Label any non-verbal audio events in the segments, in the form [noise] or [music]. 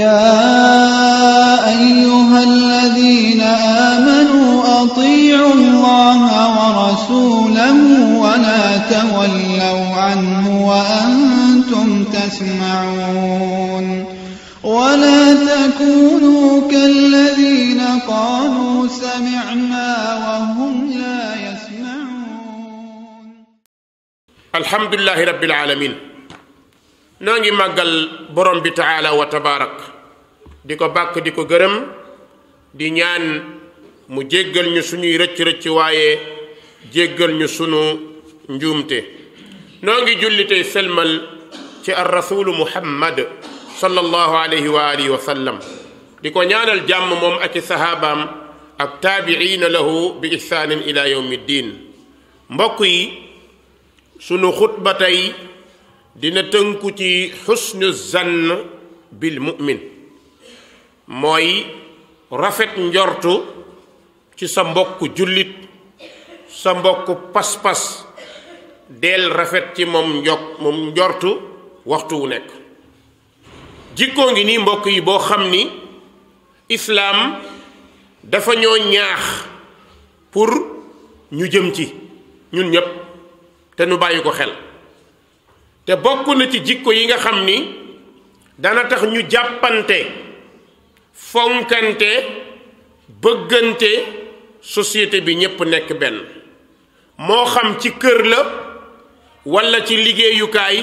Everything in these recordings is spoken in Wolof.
يا أيها الذين آمنوا أطيعوا الله ورسوله ولا تولوا عنه وأنتم تسمعون ولا تكونوا كالذين قالوا سمعنا وهم لا يسمعون الحمد لله رب العالمين نانجي ماغال بروم بتعالى وتبارك di ko bàkk di ko gërëm di ñaan mu jéggal ñu suñuy rëcc-rëcc waaye jéggal ñu sunu njuumte noo ngi julli tey selmal ci ar rasulu muhammad sallallahu alayhi wa alihi sallam di ko ñaanal jàmm moom ak i sahaabaam ak taabiina lahu bi ihsaanin ila yawmi ddin mbokk yi sunu xutba tey dina tënku ci xusnu zann bil mu'min mooy rafet njortu ci sa mbokk jullit sa mbokk pas-pas del rafet ci moom njok moom njortu waxtu wu nekk jikkoo ngi nii mbokk yi boo xam ni islaam dafa ñoo ñaax pour ñu jëm ci ñun ñépp te nu bàyyi ko xel te bokk na ci jikko yi nga xam ni dana tax ñu jàppante fonkante bëggante société bi ñépp nekk benn moo xam ci kër la walla ci liggéeyukaay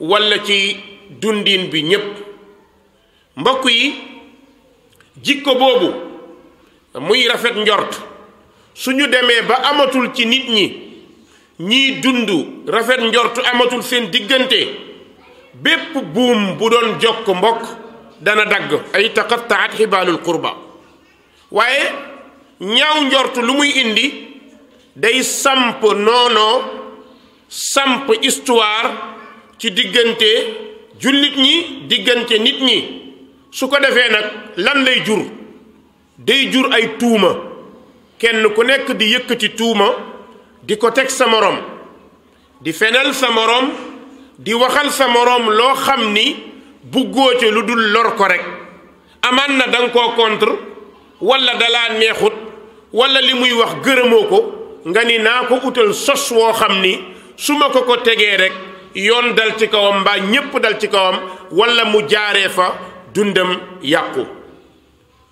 walla ci dundin bi ñépp mbokk yi jikko boobu muy rafet njort suñu demee ba amatul ci nit ñi ñiy dund rafet njort amatul seen diggante bépp buum bu doon jokk mbokk dana dagg ay taqattaat xibaalul kurba waaye ñaaw njort lu muy indi day samp noonoo samp histoire ci diggante jullit ñi diggante nit ñi su ko defee nag lan lay jur day jur ay tuuma kenn ku nekk di yëkkati tuuma di ko teg sa moroom di fenal sa moroom di waxal sa moroom loo xam ni buggoo ci lu dul lor ko rekk amaan na danga koo contre wala dalaa neexut wala li muy wax gërëmoo ko nga ni naa ko utal sos woo xam ni su ma ko ko tegee rekk yoon dal ci kawam mbaa ñépp dal ci kawam walla mu jaaree fa dundam yàqu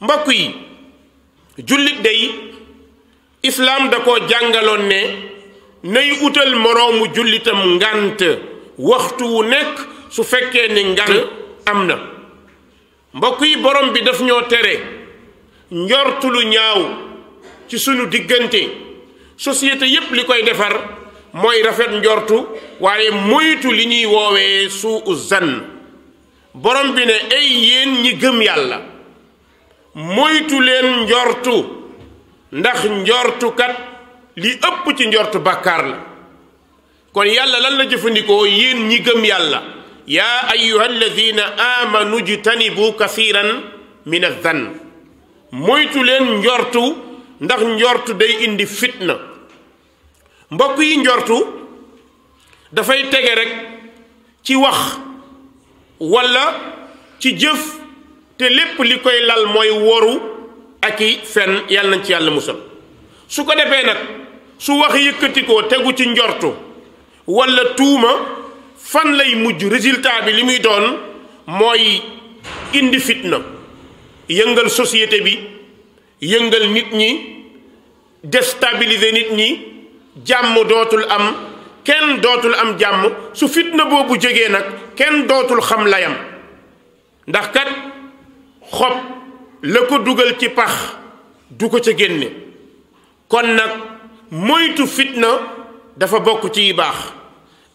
mbokk yi jullit day islaam da ko jàngaloon ne nay utal moroomu jullitam ngànt waxtu wu nekk su fekkee ne ngal am na mbokk yi borom bi daf ñoo tere njortu ñaaw ci sunu diggante société yépp li koy defar mooy rafet njortu waaye moytu li ñuy woowee suu zan borom bi ne ay yéen ñi gëm yàlla moytu leen njortu ndax njortukat li ëpp ci njortu bàkkaar la kon yàlla lan la jëfandikoo yéen ñi gëm yàlla yaa ayyuha alladina amanu jtanibu kathiran min azan moytu leen njortu ndax njortu day indi fitna mbokk yi njortu dafay tege rek ci wax walla ci jëf te lépp li koy lal mooy woru ak i fen yàlla nañ ci yàlla musal su ko defee nag su wax yëkkatikoo tegu ci njortu walla tuuma fan lay mujj résultat bi li muy doon mooy indi fitna yëngal société bi yëngal nit ñi déstabiliser nit ñi jàmm dootul am kenn dootul am jàmm su fitna boobu jógee nag kenn dootul xam layam ndax kat xob la ko dugal ci pax du ko ca génne kon nag moytu fitna dafa bokk ci baax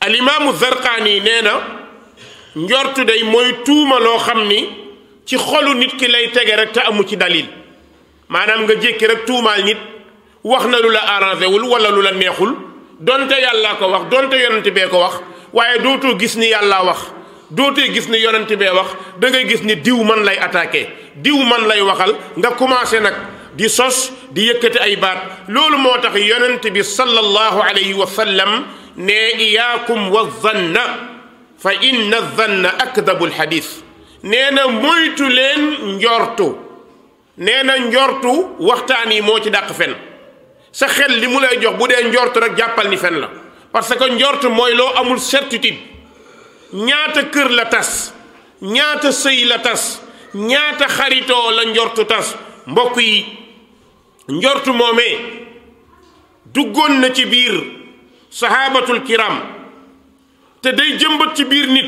alimaamu zarqaani nee na njortu day mooy tuuma loo xam ni ci xolu nit ki lay tege rek te amu ci dalil maanaam nga jékki rek tuumaal nit wax na lu la arrangé wul wala lu la neexul donte yàllaa ko wax donte yonent bee ko wax waaye dootoo gis ni yàlla wax dootee gis ni yonent bee wax da gis ni diw man lay attaqué diw man lay waxal nga commencé nag di sos di yëkkati ay baat loolu moo tax yonent bi sallallahu alayhi wa sallam ne iyaakum wa zanna fa inna zanna akdabul xadis nee na moytu leen njortu nee na njortu waxtaan yi moo ci dàq fen sa xel li mu lay jox bu dee njortu rek jàppal ni fen la parce que njort mooy loo amul certitude ñaata kër la tas ñaata sëy la tas ñaata xaritoo la njortu tas mbokk yi njortu moomee duggoon na ci biir sahabatul kiram te day jëmbat ci biir nit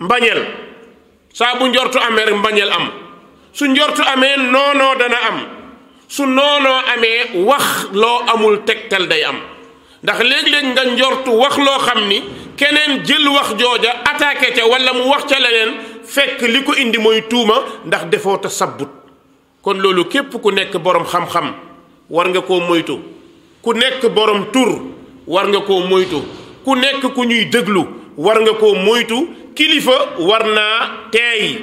mbañeel saabu njortu amee rek mbañeel am su njortu amee noonoo dana am su noonoo amee wax loo amul tegtal day am ndax léeg-léeg nga njortu wax loo xam ni keneen jël wax jooja attaqué ca wala mu wax ca leneen fekk li ko indi mooy tuuma ndax defoo ta sabbut kon loolu képp ku nekk boroom xam-xam war nga koo moytu ku nekk boroom tur war nga ko moytu ku nekk ku ñuy déglu war nga ko moytu kilifa war naa teey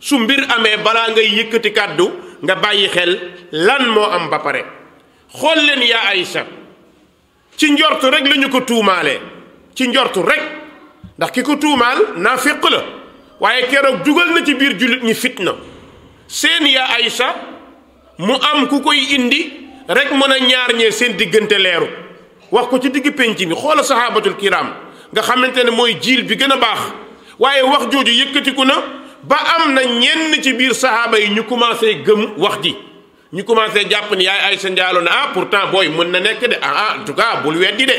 su mbir amee balaa ngay yëkkati kàddu nga bàyyi xel lan moo am ba pare xool leen yaa Aïcha ci njort rek lañu ko tuumaale ci njort rekk ndax ki ko tuumaal naafiq la waaye keroog dugal na ci biir jullit ñi fitna seen yaa Aïcha mu am ku koy indi rek mën a ñaar ñee seen diggante leeru wax ko ci digg pénc mi xoola saxaabatul kiram nga xamante ne mooy jiil bi gën a baax waaye wax jooju yëkkatiku na ba am na ñenn ci biir saxaaba yi ñu commencé gëm wax ji ñu commencé jàpp ni yaay ay sa njaalo na ah pourtant booy mën na nekk de a ah, a ah, tout cas bul weddi de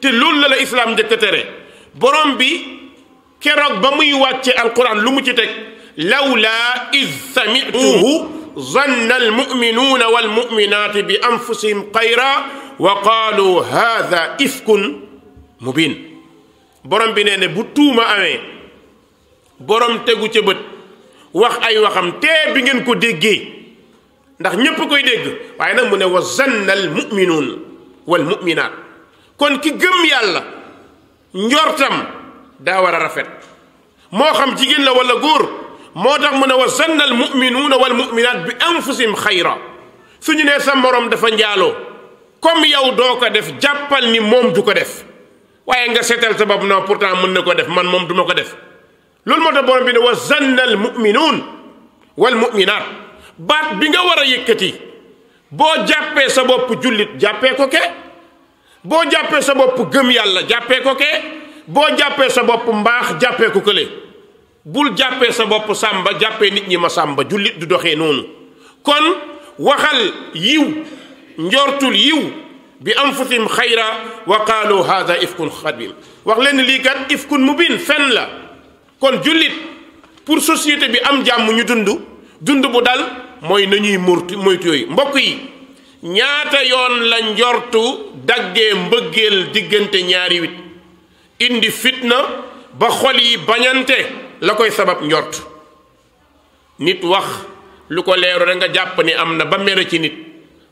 te loolu la la islaam njëkk a borom bi keroog ba muy wàcce alquran lu mu ci teg lawlaa iz samituhu zanna almuminuuna walmuminaati bi anfusihim xayra wa qaalu haada ifkun mubin borom bi nee ne bu tuuma amee borom tegu ca bët wax ay waxam tee bi ngeen ko déggee ndax ñépp koy dégg waaye nag mu ne wa zanna al muminuun wal muminaat kon ki gëm yàlla njortam daa war a rafet moo xam jigéen la wala góor moo tax mu ne wa zanna al muminuuna wal muminaat bi anfusihim xayra suñu nee sa morom dafa njaaloo comme yow doo ko def jàppal ni moom du ko def waaye nga seetal sa bopp pour pourtant mën na ko def man moom du ko def loolu moo tax borom bi ne wa zanna al muminuun wal muminaat baat bi nga war a yëkkati boo jàppee sa bopp jullit jàppee ko ke boo jàppee sa bopp gëm yàlla jàppee ko ke boo jàppee sa bopp mbaax jàppee ko kële bul jàppee sa bopp sàmba jàppee nit ñi ma sàmba jullit du doxee noonu kon waxal yiw njortul yiw bi anfusihim xayra wa qaalu haada ifkun xadim wax leen lii kat ifkun mubin fen la kon jullit pour société bi am jàmm ñu dund dund bu dal mooy nañuy murtu moytu yooyu mbokk yi ñaata yoon la njortu daggee mbëggeel diggante ñaari wit indi fitna ba xol yi bañante la koy sabab njort nit wax lu ko leeru rek nga jàpp ni am na ba mere ci nit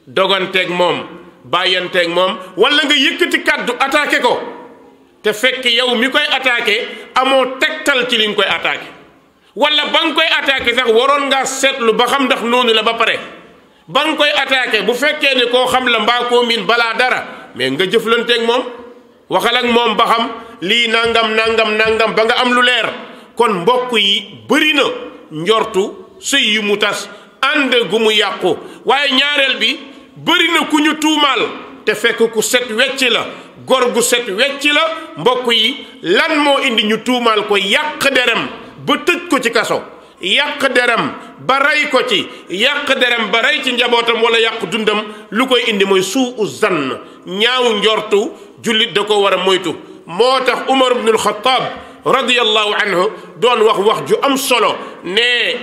doganteeg moom bàyyanteeg moom wala nga yëkkati kàddu attaqué ko te fekk yow mi koy attaqué amoo tegtal ci li nga koy attaqué wala ba nga koy attaqué sax waroon nga seetlu ba xam ndax noonu la ba pare ba nga koy attaqué bu fekkee ne koo xam la mbaa koo miin balaa dara mais nga jëflanteeg moom waxal ak moom ba xam lii nangam nangam nangam ba nga am lu leer kon mbokk yi bëri na njortu sëy yu mu tas ànd gu mu yàqu waaye ñaareel bi. bëri na ku ñu tuumaal te fekk ku set wecc la góor gu set wecc la mbokk yi lan moo indi ñu tuumaal ko yàq derem ba tëj ko ci kaso yàq deram ba rey ko ci yàq deram ba rey ci njabootam wala yàq dundam lu koy indi mooy suu u zann ñaaw njortu jullit da ko war a moytu moo tax Umar ibnul Xattaab radiyallahu anhu doon wax wax ju am solo ne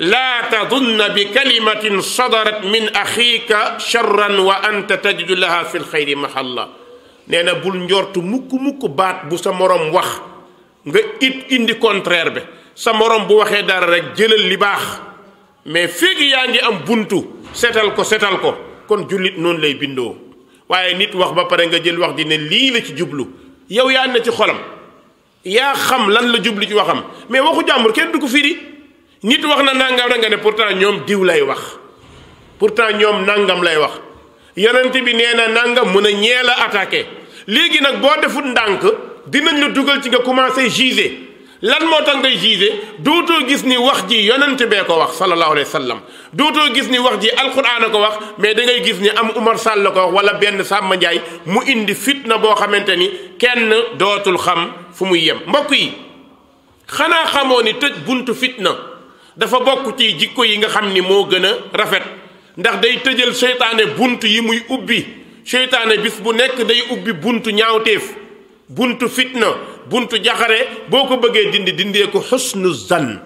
laa tadunna bi kalimatin sadarat min axiika charran wa anta tajidu laha fi lxayri mahalla nee na bul njort mukk mukk baat bu sa moroom wax nga it indi contraire bi sa moroom bu waxee dara rek jëlal li baax mais fekk yaa ngi am buntu setal ko setal ko kon jullit noonu lay bindoo waaye nit wax ba pare nga jël wax di ne lii la ci jublu yow yaa ne ci xolam yaa xam lan la jublu ci waxam mais waxu jàmbur kenn du ko firi nit wax na nangam rek nga ne pourtant ñoom diw lay wax pourtant ñoom nangam lay wax yonent bi nee na nangam mun a ñee la attaqué léegi nag boo defut ndànk dinañ la dugal ci nga commencé giser lan moo tax ngay giser dootoo gis ni wax ji yonent bee ko wax sallallahu alayhi wa sallam dootoo gis ni wax ji alquran a ko wax mais dangay gis ni am Umar Sall la ko wax wala benn sàmm Ndiaye mu indi fitna boo xamante ni kenn dootul xam fu muy yem mbokk yi xanaa xamoo ni tëj buntu fitna. dafa bokk ci jikko yi nga xam ni moo gën a rafet ndax day tëjal seytaane bunt yi muy ubbi seytaane bis bu nekk day ubbi buntu ñaawteef buntu fitna buntu jaxare boo ko bëggee dindi dindee ko xusnu zan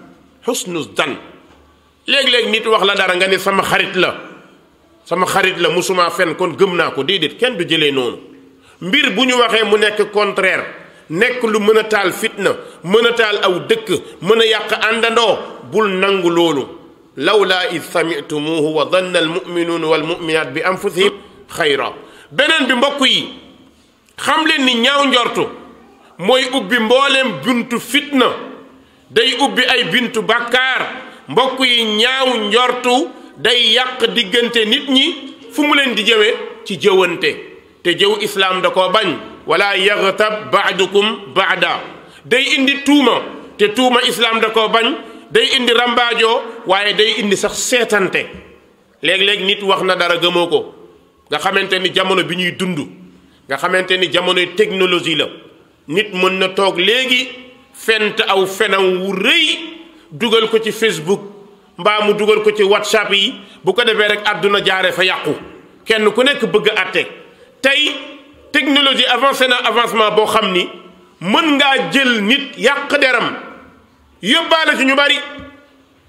xusnu zan léeg-léeg nit wax la dara nga ne sama xarit la sama xarit la musuma fen kon gëm naa ko déedéet kenn du jëlee noonu mbir bu ñu waxee mu nekk contraire nekk lu mën a taal fitna mën a taal aw dëkk mën a yàq àndandoo bul nangu loolu lawlaa id samitumuuhu wa danna almuminuuna walmuminaat bi si xayra beneen bi mbokk yi xam leen ni ñaaw njortu mooy ubbi mbooleem buntu fitna day ubbi ay bintu bàkkaar mbokk yi ñaaw njortu day yàq diggante nit ñi fu mu leen di jëwe ci jëwante te jëw islaam da ko bañ wala yaghtab ba'dukum ba'da day indi tuuma te tuuma islaam da koo bañ day indi rambaajoo waaye day indi sax seetante léeg-léeg nit wax na dara gëmoo ko nga xamante ni jamono bi ñuy dund nga xamante ni jamonoy technologie la nit mën na toog léegi fent aw fenam wu rëy dugal ko ci Facebook mbaa mu dugal ko ci WhatsApp yi bu ko defee rek àdduna jaare fa yàqu kenn ku nekk bëgg a àtte tey technologie avancé na avancement boo xam ni mën ngaa jël nit yàq deram yóbbaale ci ñu bari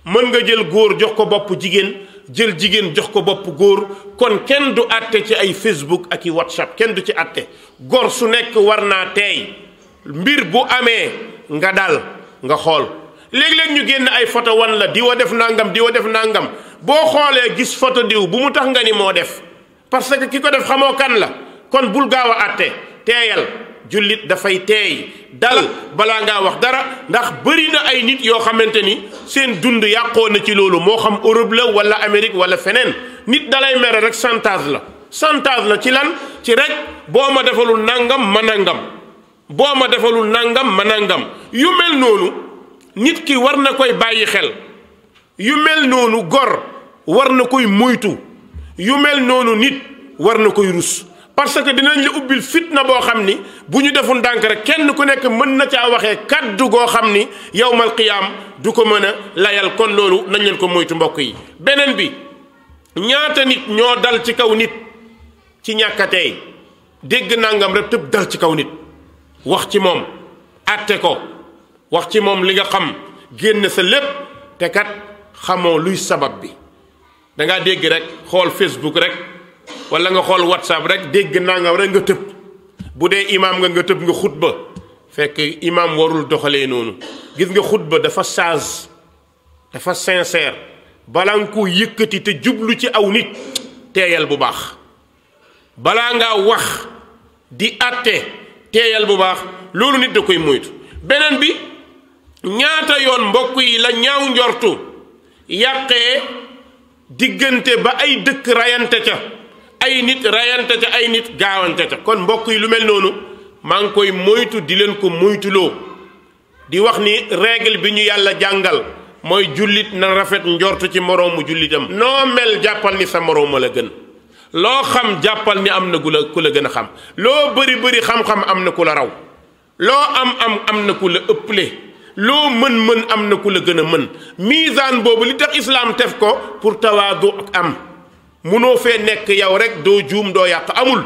mën nga jël góor jox ko bopp jigéen jël jigéen jox ko bopp góor kon kenn du àtte ci ay Facebook ak i WhatsApp kenn du ci àtte góor su nekk war naa teey mbir bu amee nga dal nga xool léeg-léeg ñu génn ay photo wan la diwa def nangam diwa def nangam boo xoolee gis photo diw bu mu tax nga ni moo def parce que ki ko def xamoo kan la kon bul gaaw a àtte teeyal jullit dafay teey dal balaa ngaa wax dara ndax bëri na ay nit yoo xamante ni seen dund yàqoo na ci loolu moo xam Europe la wala Amérique wala feneen nit dalay mere rek chantage la chantage la ci lan ci rek boo ma defalul nangam ma nangam boo ma defalul nangam ma nangam yu mel noonu nit ki war na koy bàyyi xel yu mel noonu gor war na koy moytu yu mel noonu nit war na koy rus parce que dinañ la ubbil fitna boo xam ni bu ñu deful ndànk rek kenn ku nekk mën na caa waxee kaddu goo xam ni yowmal qiyaam du ko mën a layal kon loolu nañ leen ko moytu mbokk yi. beneen bi ñaata nit ñoo dal ci kaw nit ci ñàkkatey dégg nangam rek tëb dal ci kaw nit wax ci moom àtte ko wax ci moom li nga xam génn sa lépp te kat xamoo luy sabab bi da ngaa dégg rek xool Facebook rek. wala nga xool whatsapp rek dégg naa nangam rek nga tëb bu dee imaam nga nga tëb nga xutba fekk imaam warul doxalee noonu gis nga xutba dafa sage dafa sincère balaa nga koo yëkkati te jublu ci aw nit teeyal bu baax balaa ngaa wax di àtte teeyal bu baax loolu nit da koy moytu beneen bi ñaata yoon mbokk yi la ñaaw njortu yàqee diggante ba ay dëkk rayante ca ay nit rayante ca ay nit gaawante ca kon mbokk yi lu mel noonu maa ngi koy moytu di leen ko moytuloo di wax ni règle bi ñu yàlla jàngal mooy jullit na rafet njort ci moroomu jullitam noo mel jàppal ni sa morooma la gën loo xam jàppal ni am na ku la ku la gën a xam loo bëri bëri xam-xam am na ku la raw loo am am am na ku la ëpple loo mën-mën am na ku la gën a mën miisaan boobu li tax islaam tef ko pour tawaadu ak am mënoo fee nekk yow rek doo juum doo yàq amul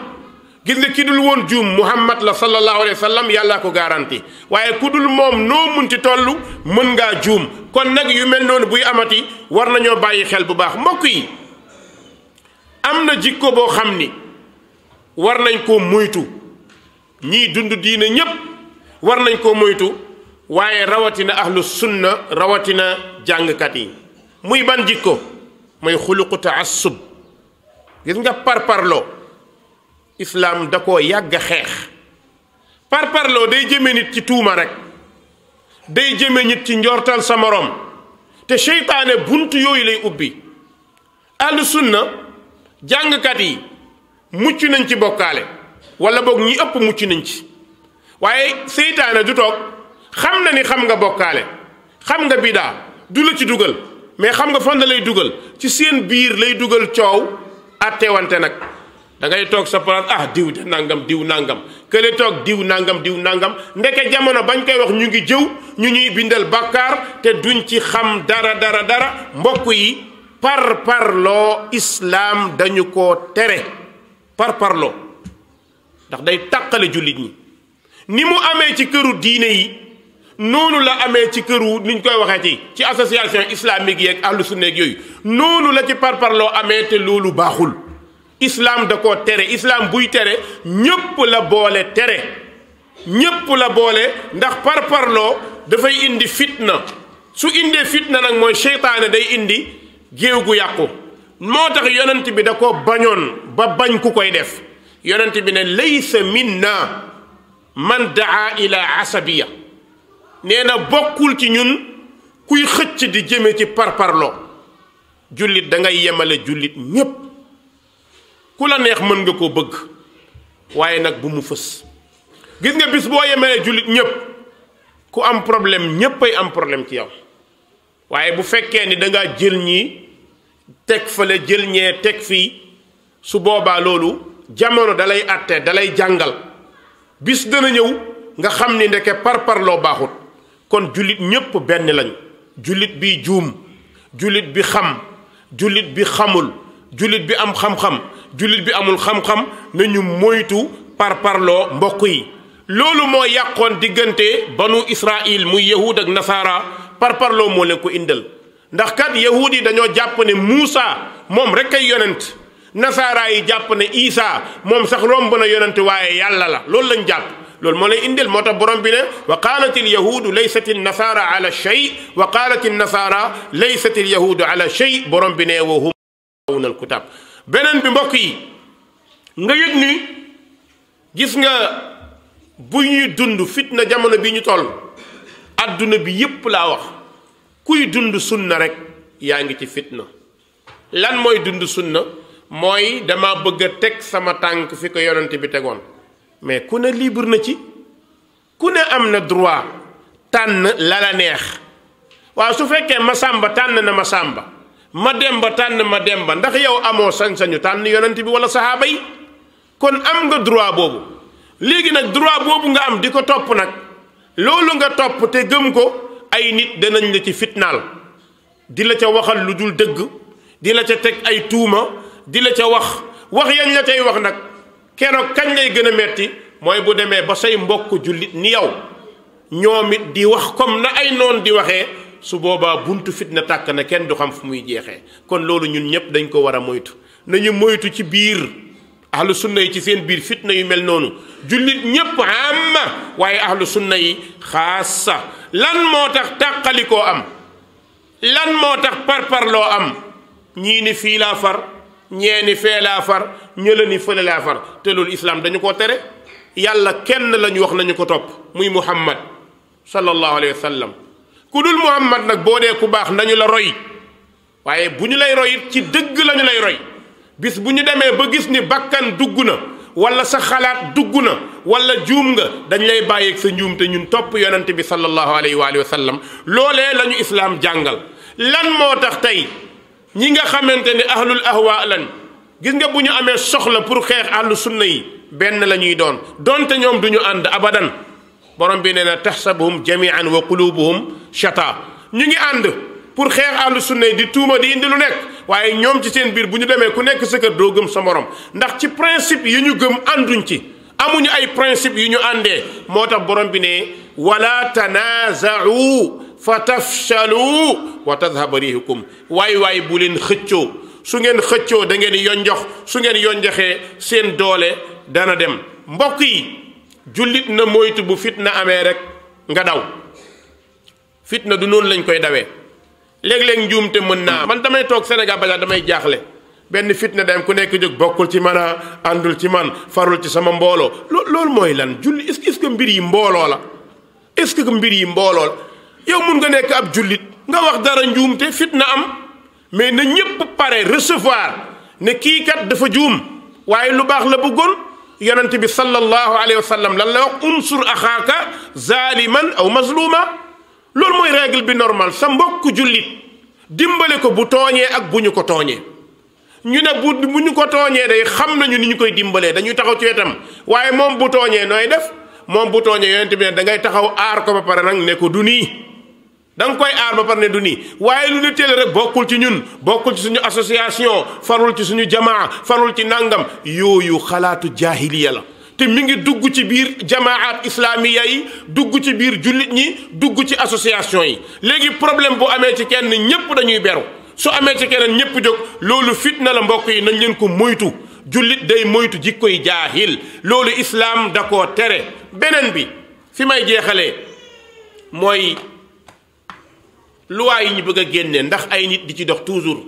gis nga ki dul woon juum muhammad la sallallahu alayhi wa sallam yàllaa ko garanti waaye ku dul moom noo mun ci toll mën ngaa juum kon nag yu mel noonu buy amati war nañoo bàyyi xel bu baax mbokk yi am na jikko boo xam ni war nañ ko moytu ñii dund diina ñépp war nañ ko moytu waaye rawatina ahlu sunna rawatina jàngkat yi muy ban jikko mooy xuluqu taassub gis nga par parloo islaam da koo yàgg a xeex parloo day jëme nit ci tuuma rek day jëme nit ci njortal sa morom te seytaane bunt yooyu lay ubbi ahlu na jàngkat yi mucc nañ ci bokkaale wala boog ñi ëpp mucc nañ ci waaye seytaane du toog xam na ni xam nga bokkaale xam nga bidaa du la ci dugal mais xam nga fan lay dugal ci seen biir lay dugal coow attewante nag dangay toog sa place ah diw de nangam diw nangam kële toog diw nangam diw nangam ndeke jamono bañ koy wax ñu ngi jëw ñu ñuy bindal bàkkaar te duñ ci xam dara dara dara mbokk yi par parloo islaam dañu ko tere par parloo ndax day tàqale jullit ñi ni mu amee ci këru diine yi noonu la amee ci këru niñ koy waxee ci ci association islamique yeeg ahlu su yeeg yooyu noonu la ci parparloo amee te loolu baaxul islaam da ko tere islaam buy tere ñëpp la boole tere ñëpp la boole ndax parparloo dafay indi fitna su indee fitna nag mooy seytaane day indi géew gu yàqu moo tax yonent bi da ko bañoon ba bañ ku koy def yonent bi ne laysa minna man daa ila asabiya nee na bokkul ci ñun kuy xëcc di jëme ci par parloo jullit da ngay yemale jullit ñépp ku la neex mën nga koo bëgg waaye nag bu mu fës gis nga bis boo yemale jullit ñépp ku am problème ñépp ay am problème ci yow waaye bu fekkee ni danga jël ñii teg fale jël ñee teg fi su boobaa loolu jamono dalay àtte dalay jàngal bis dana ñëw nga xam ni par parloo baaxut kon jullit ñépp benn lañu jullit bi juum jullit bi xam jullit bi xamul jullit bi am xam-xam jullit bi amul xam-xam nañu moytu parloo mbokk yi loolu moo yàqoon diggante banu israil muy yahud ak nasaara parparloo moo leen ko indal ndax kat yahud yi dañoo jàpp ne Muusa moom rek ay yonent nasaara yi jàpp ne Isa moom sax romb na yonent waaye yàlla la loolu lañ jàpp loolu moo lay indil moo tax borom bi ne wa qaalat al yahudu laysat al nasara ala shay wa qaalat al nasara laysat al yahudu ala shay borom bi ne wa hum awna al beneen bi mbokk yi nga yëg ni gis nga bu ñuy dund fitna jamono bi ñu toll adduna bi yépp laa wax kuy dund sunna rek yaa ngi ci fitna lan mooy dund sunna mooy dama bëgg a teg sama tànk fi ko yonent bi tegoon mais ku ne libre na ci ku ne am na droit tànn la la neex waaw su fekkee ma sàmba tànn na ma sàmba ma demba tànn ma demba ndax yow amoo sañ-sañu tànn yonent bi wala saxaaba yi kon am nga droit boobu léegi nag droit boobu nga am di ko topp nag loolu nga topp te gëm ko ay nit danañ la ci fitnaal di la ca waxal lu dul dëgg di la ca teg ay tuuma di la ca wax wax yañ la cay wax nag keroog kañ lay gën a metti mooy bu demee ba say mbokk jullit ni yow ñoom it di wax comme na ay noon di waxee su boobaa buntu fitna tàkk na kenn du xam fu muy jeexee kon loolu ñun ñëpp dañ ko war a moytu nañu moytu ci biir ahlu sunna yi ci seen biir fitna yu mel noonu jullit ñëpp amma waaye ahlu sunna yi xaasa lan moo tax tàqalikoo am lan moo tax parparloo am ñii ni fii laa far ñeeni ni fee laa far ñëla ni fële te loolu islaam dañu ko tere yàlla kenn lañu wax nañu ko topp muy muhammad sallallahu alayhi wa sallam ku dul muhammad nag boo dee ku baax nañu la roy waaye bu ñu lay roy ci dëgg lañu lay roy bis bu ñu demee ba gis ni bakkan dugg na wala sa xalaat dugg na wala juum nga dañ lay bàyyeeg sa njuum te ñun topp yonent bi sallallahu alayhi wa sallam loolee la ñu islaam jàngal lan moo tax tey ñi nga xamante ne ahlul ahwa lan gis nga bu ñu amee soxla pour xeex ahlu sunna yi benn la ñuy doon donte ñoom du ñu ànd abadan borom bi nee na taxsabuhum jamian wa qulubuhum shata ñu ngi ànd pour xeex ahlu sunna yi di tuuma di indi lu nekk waaye ñoom ci seen biir bu ñu demee ku nekk sa kër doo gëm sa morom ndax ci principe yi ñu gëm ànduñ ci amuñu ay principe yu ñu àndee moo tax borom bi ne wala tanaazau fa tafshalu wa tadhhaba riihukum waay waay bu leen xëccoo su ngeen xëccoo da ngeen yonjox su ngeen yonjoxee seen doole dana dem mbokk yi jullit na moytu bu fitna amee rek nga daw fitna du noonu lañ koy dawee léeg njuum te mën naa man damay toog Sénégal ba damay jaaxle benn fitna dem ku nekk jóg bokkul ci man a àndul ci man farul ci sama mbooloo loolu mooy lan julli est-ce mbir yi mbooloo la est-ce que mbir yi mbooloo la yow mun nga nekk ab jullit nga wax dara njuumte fitna am mais na ñépp pare recevoir ne kii kat dafa juum waaye lu baax la bëggoon yonent bi sallallahu alayhi wa sallam lan la wax unsur axaaka zaliman aw mazluma loolu mooy règle bi normal sa mbokk jullit dimbale ko bu tooñee ak bu ñu ko tooñee ñu ne bu bu ñu ko tooñee day xam nañu ni ñu koy dimbalee dañuy taxaw ci wetam waaye moom bu tooñee nooy def moom bu tooñee yonent bi ne da taxaw aar ko ba pare nag ne ko du nii da koy aar ba ne du nii waaye lu ñu teel rek bokkul ci ñun bokkul ci suñu association farul ci suñu jamaa farul ci nangam yooyu xalaatu jaahiliya la te mi ngi dugg ci biir jamaat islamiya yi dugg ci biir jullit ñi dugg ci association yi léegi problème bu amee ci kenn ñépp dañuy beru su amee ci keneen ñépp jóg loolu fitna la mbokk yi nañ leen ko moytu jullit day moytu jikkoy jaahil loolu islaam da koo tere beneen bi fi may jeexalee mooy luwaa yi ñu bëgg a génne ndax ay nit di ci dox toujours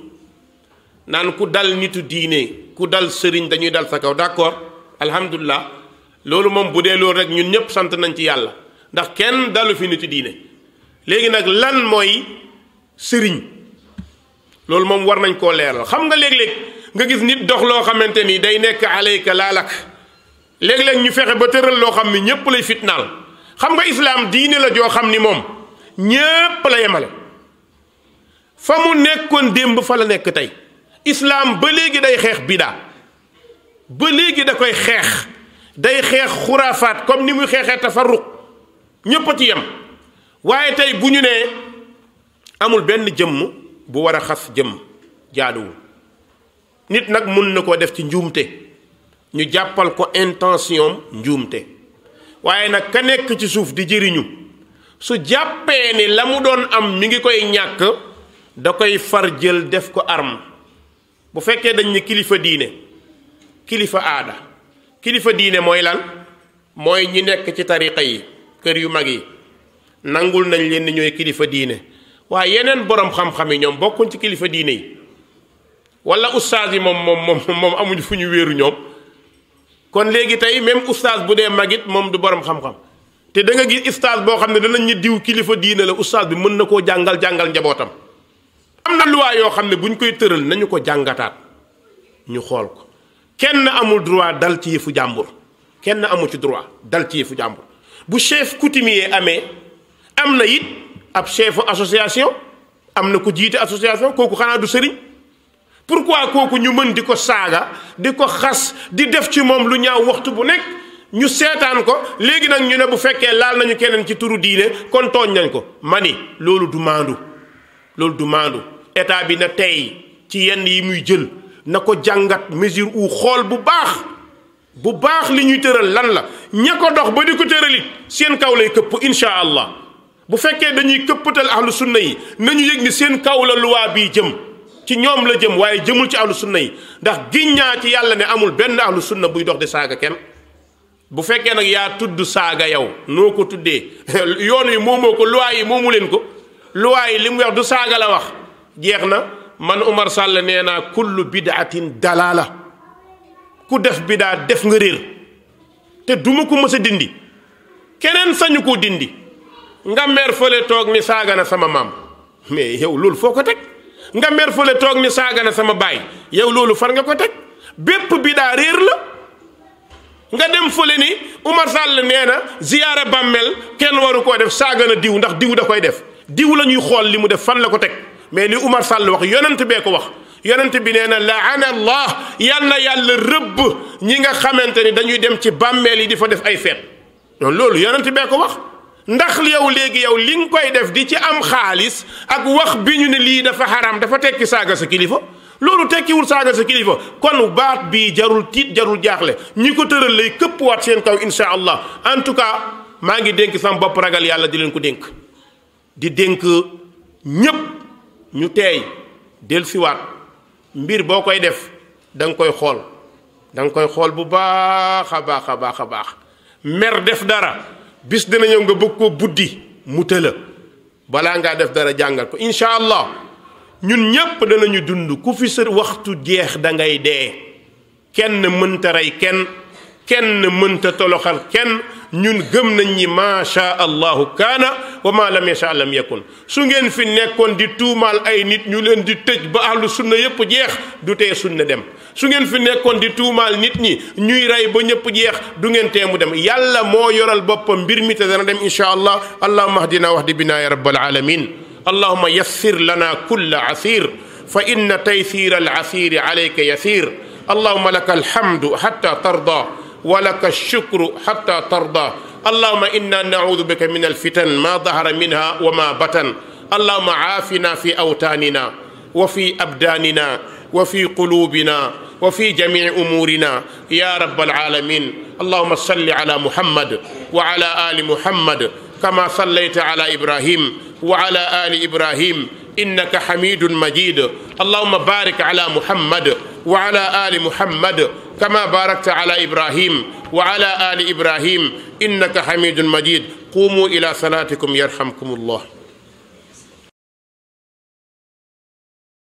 naan ku dal nitu diine ku dal sëriñ dañuy dal sa kaw d'accord alhamdulilah loolu moom bu dee loolu rek ñun ñëpp sant nañ ci yàlla ndax kenn dalu fi nitu diine léegi nag lan mooy sëriñ loolu moom war nañ koo leeral xam nga léeg-léeg nga gis nit dox loo xamante ni day nekk aleyka laalak léeg-léeg ñu fexe ba tëral loo xam ni ñëpp lay fitnaal xam nga islaam diine la joo xam ni moom ñépp la fa mu nekkoon démb fa la nekk tey islaam ba léegi day xeex bidaa ba léegi da koy xeex day xeex xuraafaat comme ni muy xeexee tafarruq ñépp a ci yem waaye tey bu ñu nee amul benn jëmm bu war a xas jëmm jaaduwul nit nag mun na koo def ci njuumte ñu jàppal ko intention njuumte waaye nag ka nekk ci suuf di jëriñu su jàppee ni la mu doon am mi ngi koy ñàkk da koy far jël def ko arme bu fekkee dañ ni kilifa diine kilifa aada kilifa diine mooy lan mooy ñi nekk ci tariqa yi kër yu mag yi nangul nañ leen ni ñooy kilifa diine waaye yeneen borom xam-xam yi ñoom bokkuñ ci kilifa diine yi wala ustaas yi moom moom moom amuñu fu ñu wéeru ñoom kon léegi tey même ustaas bu dee magit moom du borom xam-xam te danga nga gis ustaas boo xam ne danañ ñu diw kilifa diine la ustaas bi mën na koo jàngal jàngal njabootam. am na loi yoo xam ne bu ñu koy tëral nañu ko jàngataat ñu xool ko kenn amul droit dal ci yëfu jàmbur kenn amul ci droit dal ci yëfu jàmbur bu chef coutumier amee am na it ab chefu association am na ku jiite association kooku xanaa du sëriñ pourquoi kooku ñu mën di ko saaga di ko xas di def ci moom lu ñaaw waxtu bu nekk ñu seetaan ko léegi nag ñu ne bu fekkee laal nañu keneen ci turu diine kon tooñ nañ ko ma ni loolu du maandu loolu du maandu état bi na tey ci yenn yi muy jël na ko jàngat mesure u xool bu baax bu baax li ñuy tëral lan la ña ko dox ba di ko tëralit seen kaw lay këpp insha allah bu fekkee dañuy këppatal ahlu sunna yi nañu yëg ni seen kaw la luwaa bii jëm ci ñoom la jëm waaye jëmul ci ahlu sunna yi ndax giññaa ci yàlla ne amul benn ahlu sunna buy dox di saaga kenn bu fekkee nag yaa tudd saaga yow noo ko tuddee [laughs] yoon yi moomoo ko luwaa yi moomu leen ko luwaa yi li mu du saaga la wax jeex na man Umar Sall nee naa kullu bidaatin dalaala ku def bidaa def nga réer te duma ko mës dindi keneen sañu ko dindi nga mer fële toog ni saaga na sama maam mais yow loolu foo ko teg nga mer fële toog ni saaga na sama baay yow loolu far nga ko teg bépp bidaa réer la nga dem fële ni Umar Sall nee na ziyaara bàmmeel kenn waru koo def saaga na diw ndax diw da koy def diw la ñuy xool li mu def fan la ko teg mais li Umar Sall wax yonent bee ko wax yonent bi nee na laana allah yàlla yàlla rëbb ñi nga xamante ni dañuy dem ci bàmmeel yi di fa def ay feet donc loolu yonent bee ko wax ndax yow léegi yow li nga koy def di ci am xaalis ak wax bi ñu ne lii dafa xaram dafa tekki saaga sa kilifa loolu tekkiwul saaga sa kilifa kon baat bii jarul tiit jarul jaaxle ñi ko tëral lay këpp waat seen kaw insha allah en tout cas maa ngi dénk sama bopp ragal yàlla di leen ko dénk di dénk ñépp ñu teey dellusiwaat mbir boo koy def danga koy xool danga koy xool bu baax a baax a baax a baax mer def dara bis dina ñëw nga bëgg koo buddi mu tëla balaa ngaa def dara jàngal ko incha allah ñun ñépp danañu dund ku fi sa waxtu jeex da ngay dee kenn mënta rey kenn kenn mënta toloxal kenn ñun gëm nañ ñi maa sha allahu kaana wa maa lam yasha lam yakun su ngeen fi nekkoon di tuumaal ay nit ñu leen di tëj ba ahlu sunna yépp jeex du tee sunna dem su ngeen fi nekkoon di tuumaal nit ñi ñuy rey ba ñëpp jeex du ngeen tee mu dem yàlla moo yoral boppam mbir mi te dana dem insha allah allahuma ahdina wahdi binaa ya rabbal alamin allahuma yassir lana kulla asir fa inna taysir al asiri alayka yasir allahuma laka alhamdu hatta tarda ولك الشكر حتى ترضى اللهم إنا نعوذ بك من الفتن ما ظهر منها وما بطن اللهم عافنا في أوتاننا وفي أبداننا وفي قلوبنا وفي جميع أمورنا يا رب العالمين اللهم صل على محمد وعلى آل محمد كما صليت على إبراهيم وعلى آل إبراهيم إنك حميد مجيد اللهم بارك على محمد وعلى آل محمد كما باركت على إبراهيم وعلى آل إبراهيم إنك حميد مجيد قوموا إلى صلاتكم يرحمكم الله